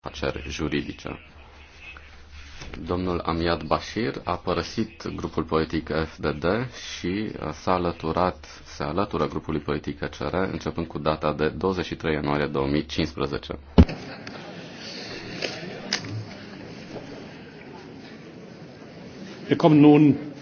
afaceri juridice. Domnul Amiad Bashir a părăsit grupul politic FDD și uh, s-a alăturat, se alătură grupului politic ECR începând cu data de 23 ianuarie 2015. Wir kommen nun